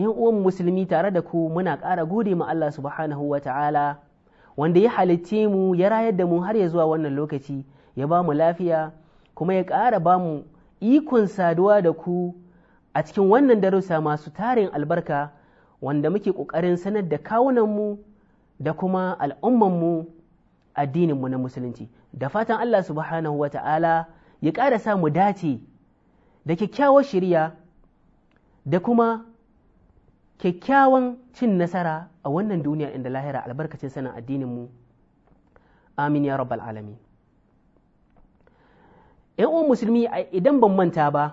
yan uwan musulmi tare da ku muna ƙara gode ma Allah subhanahu wa ta'ala wanda ya halicce mu ya rayar da mu har ya zuwa wannan lokaci ya ba mu lafiya kuma ya ƙara ba mu ikon saduwa da ku a cikin wannan darussa masu tarin albarka wanda muke ƙoƙarin sanar da kawunanmu da kuma al'ummanmu addininmu na musulunci da fatan Allah subhanahu wa ta'ala ya ƙara sa mu dace da kyakkyawar shirya da kuma kyakkyawan cin nasara a wannan duniya inda lahira albarkacin sanin addininmu amin ya rabbal alamin uwan musulmi idan ban manta ba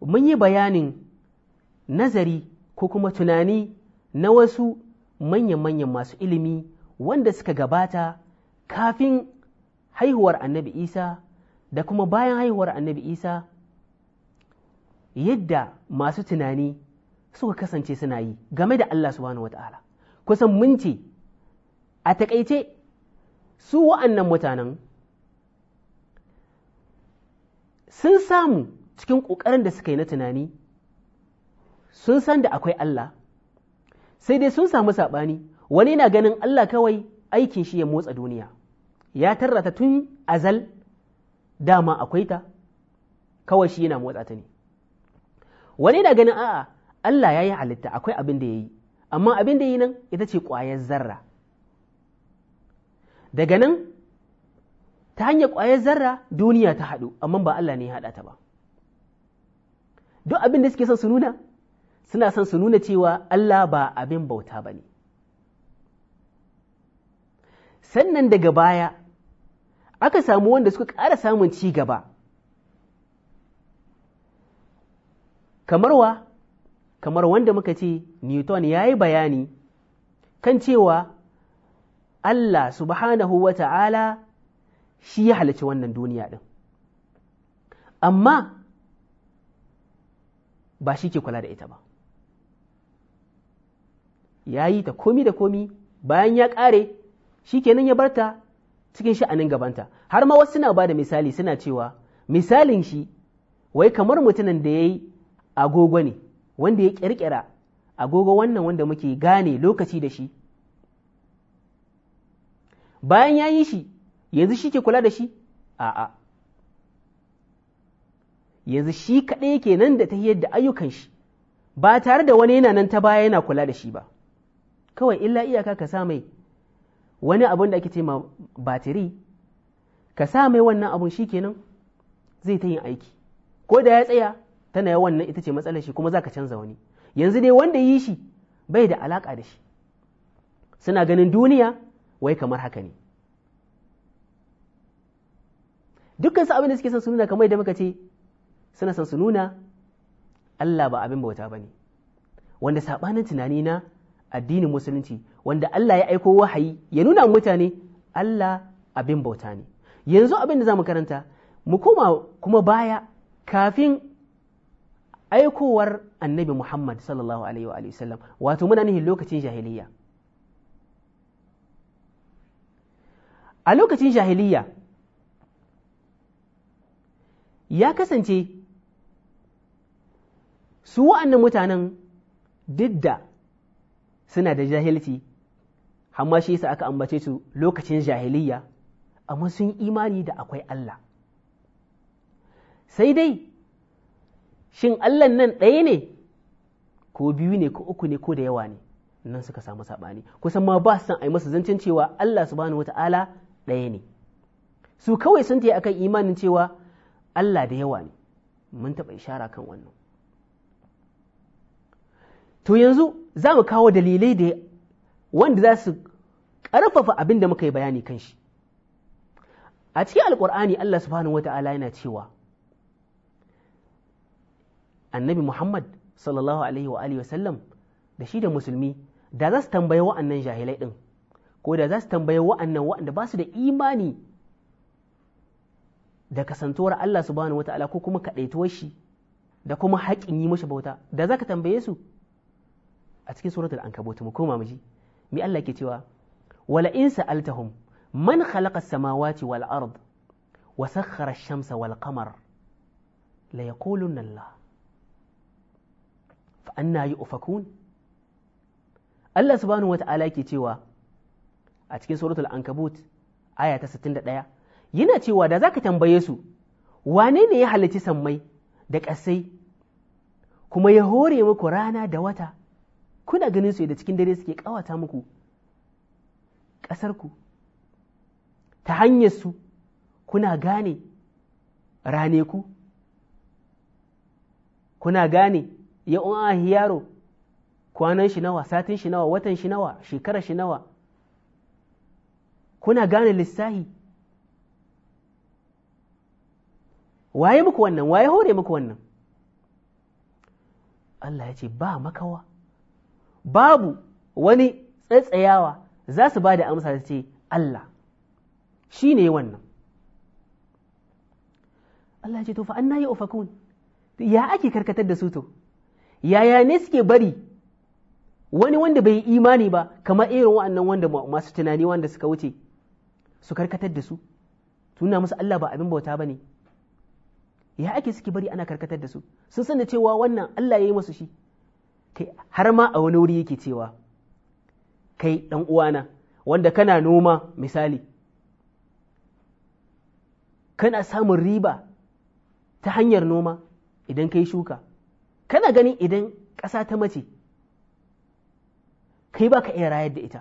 mun yi bayanin nazari ko kuma tunani na wasu manyan-manyan masu ilimi wanda suka gabata kafin haihuwar annabi isa da kuma bayan haihuwar annabi isa yadda masu tunani suka kasance suna yi game da Allah subhanahu wata'ala kusan minti a takaice su wa'annan mutanen sun samu cikin ƙoƙarin da suka yi na tunani sun san da akwai Allah sai dai sun samu saɓani wani na ganin Allah kawai aikin shi ya motsa duniya ya tarrata tun azal dama akwai ta kawai shi yana motsa ta ne wani na ganin a'a Allah ya yi halitta akwai abin da ya yi amma abin da ya yi nan ita ce ƙwayar zarra daga nan ta hanyar ƙwayar zarra duniya ta haɗu amma ba Allah ne ya haɗa ta ba duk abin da suke son su nuna suna son su nuna cewa Allah ba abin bauta ba ne sannan daga baya aka samu wanda suka ƙara samun ci gaba kamar wa kamar wanda muka ce Newton ya yi bayani kan cewa Allah subhanahu wa ta'ala shi ya halarci wannan duniya ɗin, amma ba shi ke kula da ita ba. Ya yi ta komi da komi bayan ya ƙare shi kenan ya barta cikin sha'anin gabanta, har ma wasu suna ba da misali suna cewa misalin shi wai kamar mutumin da ya yi agogo ne. wanda ya ƙirƙira agogo wannan wanda muke gane lokaci da shi bayan ya yi shi yanzu shi ke kula da shi a'a yanzu shi kaɗai yake nan da ta yadda ayyukan shi ba tare da wani yana nan ta baya yana kula da shi ba kawai illa iyaka ka sa mai wani abun da ake ce ma batiri ka sa mai wannan abun shi kenan zai ta yin aiki ko da ya tsaya tana yawan nan ita ce matsalar shi kuma za ka canza wani yanzu dai wanda yi shi bai da alaka da shi suna ganin duniya wai kamar haka ne dukkan su abin da suke son su nuna kamar yadda muka ce suna son su nuna Allah ba abin bauta ba ne, wanda saɓanin tunani na addinin musulunci wanda Allah ya aiko wahayi ya nuna mutane Allah abin bauta ne yanzu abin da za mu karanta mu koma kuma baya kafin aikowar annabi Muhammad sallallahu alaihi wa sallam wato muna nihin lokacin jahiliya a lokacin jahiliya ya kasance su wa'annan mutanen duk da suna da jahilci amma shi yasa aka ambace su lokacin jahiliya amma sun imani da akwai Allah sai dai shin allah nan ɗaya ne ko biyu ne ko uku ne ko da yawa ne nan suka samu saɓani kusan ma ba su san ayi masu masa zancen cewa Allah subhanahu wata'ala ɗaya ne su kawai sun ta akan imanin cewa Allah da yawa ne mun taɓa ishara kan wannan to yanzu za mu kawo dalilai da wanda za su ƙarfafa abin da muka yi bayani kan shi a cikin alƙur'ani Allah subhanahu wata'ala yana cewa annabi Muhammad sallallahu alaihi wa wasallam da shi da musulmi da za su tambaye wa'annan jahilai ɗin ko da za su tambaye wa'annan wa'anda ba su da imani da kasantuwar Allah subhanahu wata'ala ko kuma kaɗaituwar shi da kuma haƙƙin yi mashi bauta da za ka tambaye su a cikin suratul ankabut mu koma miji mi Allah ke cewa wala in sa'altahum man khalaqa samawati wal ard wa sakhkhara ash-shamsa wal qamar la yaqulunna Allah anna yi ufakun Allah subhanahu wata'ala ke cewa a cikin suratul ankabut aya ta 61 yana cewa da zaka tambaye su wane ne ya halarci sammai da ƙasai kuma ya hore muku rana da wata kuna ganin su da cikin dare suke ƙawata muku ƙasarku ta hanyar su kuna gane rane ku kuna gane ya un ahi yaro kwanan shi nawa satin shi nawa watan shi nawa shekara shi nawa kuna gane lissahi waye muku wannan waye hore muku wannan Allah ya ce ba makawa babu wani tsatsayawa za su ba da amsa su ce Allah shi ne wannan Allah ya ce to fa annayi yi ufakun ya ake karkatar da su to yaya ne suke bari wani wanda bai yi imani ba kamar irin wa'annan wanda masu tunani wanda suka wuce su karkatar da su tuna musu Allah ba abin bauta ba ne ya ake suke bari ana karkatar da su sun san cewa wannan Allah ya yi masu shi kai har ma a wani wuri yake cewa kai ɗan uwana wanda kana noma misali kana samun riba ta hanyar noma idan kai shuka kana ganin idan ƙasa ta mace kai ba ka iya rayar da ita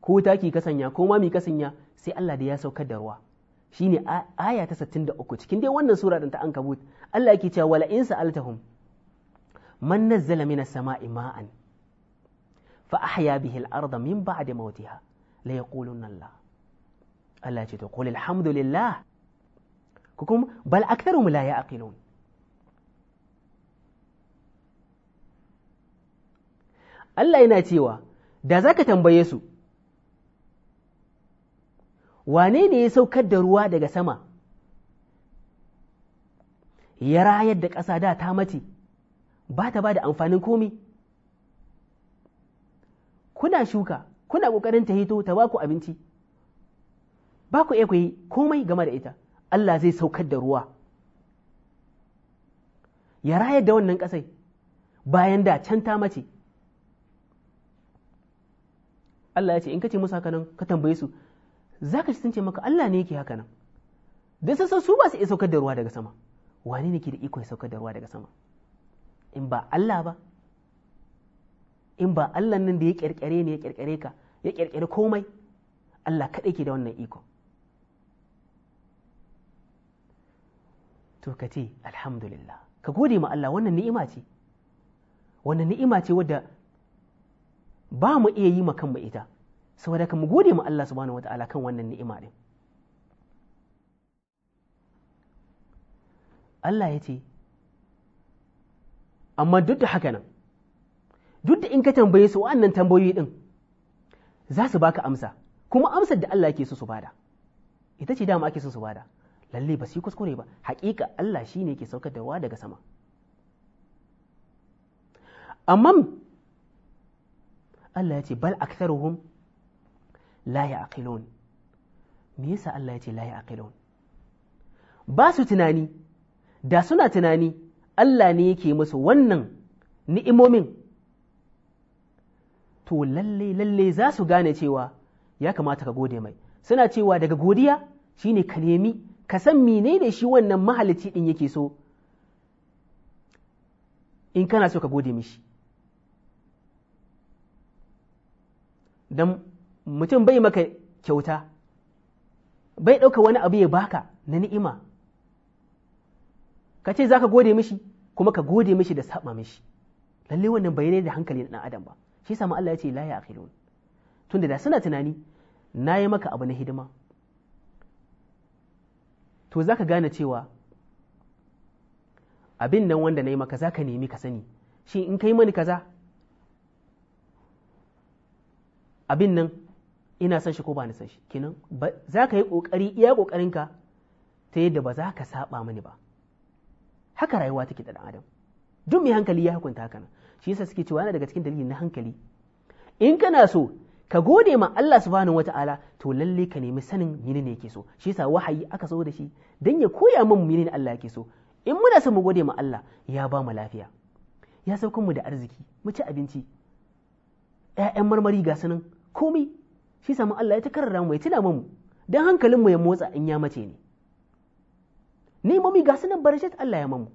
ko taki ka sanya ko mami ka sanya sai Allah da ya saukar da ruwa shine aya ta 63 cikin dai wannan sura din ta ankabut Allah yake cewa wala in sa'altahum man nazzala minas sama'i ma'an fa ahya bihi al-ardha min ba'di mawtiha la yaquluna Allah Allah ce to qul alhamdulillah kukum bal aktharuhum la ya'qilun Allah yana cewa da za ka tambaye su wane ne ya saukar da ruwa daga sama ya rayar da ƙasa da ta mace ba ta ba da amfanin komi kuna shuka kuna ƙoƙarin ta hito ta ba ku abinci ba ku iya komai game da ita Allah zai saukar da ruwa ya rayar da wannan ƙasai bayan da can ta mace Allah ya ce in ka ce musu haka nan ka tambaye su zaka ci sun ce maka Allah ne yake haka nan dai sun su ba su iya saukar da ruwa daga sama wane ne ke da iko ya saukar da ruwa daga sama in ba Allah ba in ba Allah nan da ya kirkire ne ya kirkire ka ya kirkire komai Allah kaɗai ke da wannan iko. to ka ce alhamdulillah ka gode ma Allah wannan ni'ima ce wannan ni'ima ce wadda ba mu iya yi ma mu ita saboda ka mu gode ma Allah subhanahu wata'ala kan wannan ni'ima din Allah ya ce amma duk da haka nan duk da in ka tambaye su wa'annan tambayoyi din za su baka amsa kuma amsar da Allah yake so su bada ita ce dama ake so su bada lalle ba su yi kuskure ba haƙiƙa Allah shine yake saukar da daga sama amma Allah ya ce bal aktharuhum la ya'qilun me yasa Allah ya ce la ya'qilun ba su tunani da suna tunani Allah ne yake musu wannan ni'imomin to lalle lalle za su gane cewa ya kamata ka gode mai suna cewa daga godiya shine ka nemi ka san menene shi wannan mahalicci din yake so in kana so ka gode mishi don mutum bai maka kyauta bai ɗauka wani abu ya baka na ni'ima ka ce za ka gode mishi kuma ka gode mishi da saba mishi lalle wannan bai da hankali na adam ba shi sama Allah ya ce la a tunda da suna tunani na yi maka abu na hidima to za ka gane cewa abin nan wanda na yi maka za ka nemi ka sani shi in ka yi mani kaza abin nan ina son shi ko ba ni son shi kenan za ka yi ƙoƙari iya ƙoƙarinka ta yadda ba za ka saɓa mani ba haka rayuwa take da adam duk mai hankali ya hukunta haka nan shi yasa suke cewa yana daga cikin dalili na hankali in kana so ka gode ma Allah subhanahu wata'ala to lalle ka nemi sanin ne yake so shi yasa wahayi aka so da shi dan ya koya min ne Allah yake so in muna so mu gode ma Allah ya ba mu lafiya ya saukan mu da arziki mu ci abinci Ya'yan marmari ga sanin komi shi samu Allah ya ta karara mu ya tuna mu dan hankalin mu ya motsa in ya mace ne ni mami ga sunan barashat Allah ya mamu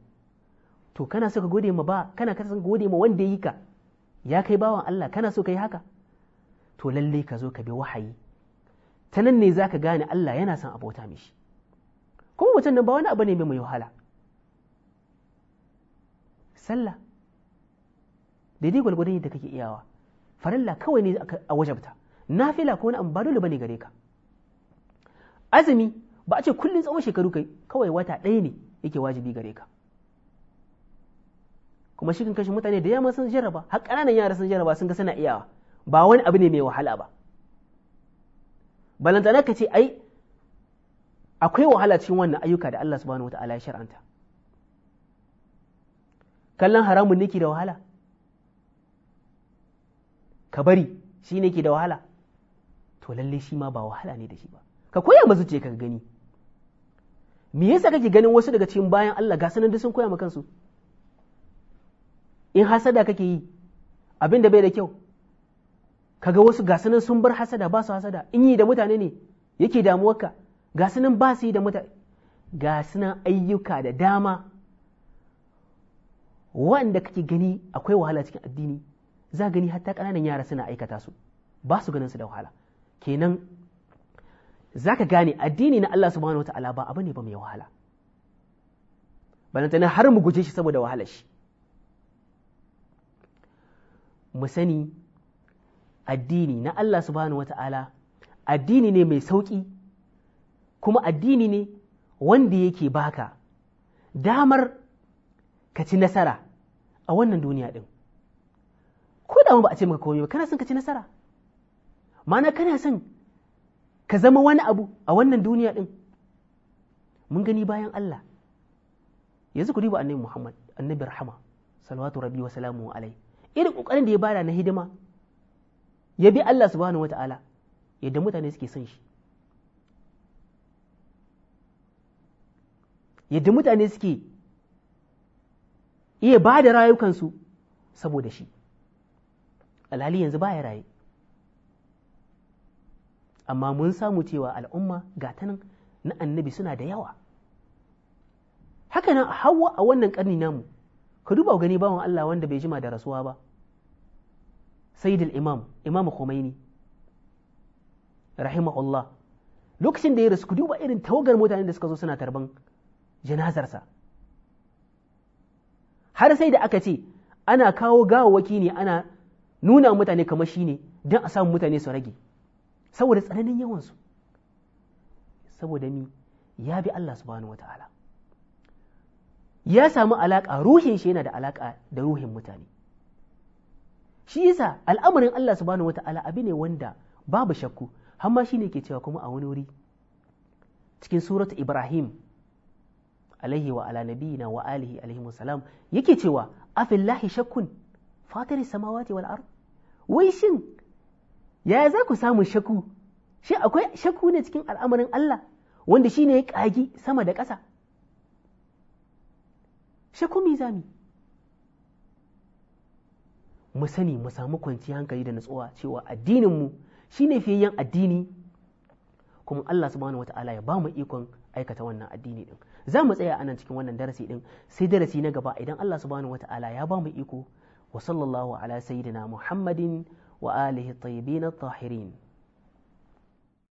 to kana so ka gode ma ba kana ka gode ma wanda yi ka ya kai bawan Allah kana so kai haka to lalle ka zo ka bi wahayi ta nan ne zaka gane Allah yana son abota mishi kuma mutum nan ba wani abu ne mai wahala sallah daidai gwalgwadon yadda kake iyawa farilla kawai ne a wajabta nafila ko wani abu ba dole bane gare ka azumi ba a ce kullun tsawon shekaru kai kawai wata ɗaya ne yake wajibi gare ka kuma shi kan kashe mutane da yamma sun jarraba har ƙananan yara sun jarraba sun ga suna iyawa ba wani abu ne mai wahala ba balantana ka ce ai akwai wahala cikin wannan ayyuka da Allah subhanahu wata'ala ya shar'anta kallon haramun niki da wahala ka bari shi ne ke da wahala to lalle shi ma ba wahala ne da shi ba ka koya ma ce ka gani me yasa kake ganin wasu daga cikin bayan Allah ga sanan da sun koya ma kansu in hasada kake yi abin da bai da kyau kaga wasu ga sanan sun bar hasada ba su hasada in yi da mutane ne yake damuwarka ga sanan ba su yi da mutane ga sanan ayyuka da dama wanda kake gani akwai wahala cikin addini za gani hatta ƙananan yara suna aikata su ba su ganin su da wahala kenan za ka gane addini na Allah subhanahu ta'ala ba abu ne ba mai wahala balantana har mu guje shi saboda wahala shi mu sani addini na Allah subhanahu wata'ala addini ne mai sauƙi kuma addini ne wanda yake baka damar ka ci nasara a wannan duniya ɗin ko da ba a ce maka komai ba kana son ka ci nasara ma'ana kana son ka zama wani abu a wannan duniya din mun gani bayan Allah yanzu ku duba annabi Muhammad annabi rahama salawatu rabbi wa salamu alai irin kokarin da ya bada na hidima ya bi Allah subhanahu wata'ala yadda mutane suke son shi yadda mutane suke iya ba da rayukansu saboda shi alhali yanzu baya raye amma mun samu cewa al'umma ta nan na annabi suna da yawa hakanan hawa a wannan karni namu ka duba gani bawan Allah wanda bai jima da rasuwa ba sayyidul imam imam Khomeini rahimahullah lokacin da ya rasu ku duba irin tawagar mutanen da suka zo suna tarban janazarsa har sai da aka ce ana kawo gawawaki ne ana nuna mutane kamar shi ne don a samu mutane su rage saboda tsananin yawansu saboda ni ya bi Allah subhanahu wa ta'ala ya samu alaƙa ruhin shi yana da alaƙa da ruhin mutane shi yasa al'amarin Allah subhanahu wa ta'ala abu ne wanda babu shakku hamma shi ne ke cewa kuma a wani wuri cikin suratu Ibrahim alaihi wa ala nabiyina wa alihi alaihi salam yake cewa afillahi shakkun fatari samawati wal ard wai shin yaya za ku samu shaku shi akwai shaku ne cikin al'amarin Allah wanda shi ne ya ƙagi sama da ƙasa shaku zami mu sani mu samu kwanciyar hankali da natsuwa cewa addininmu shi ne fiye addini kuma Allah subhanahu wa ta'ala ya ba mu ikon aikata wannan addini din za mu tsaya anan cikin wannan darasi din sai darasi na gaba idan Allah subhanahu wa ta'ala ya ba mu iko wa sallallahu ala sayyidina muhammadin wa alihi tayyibin tahirin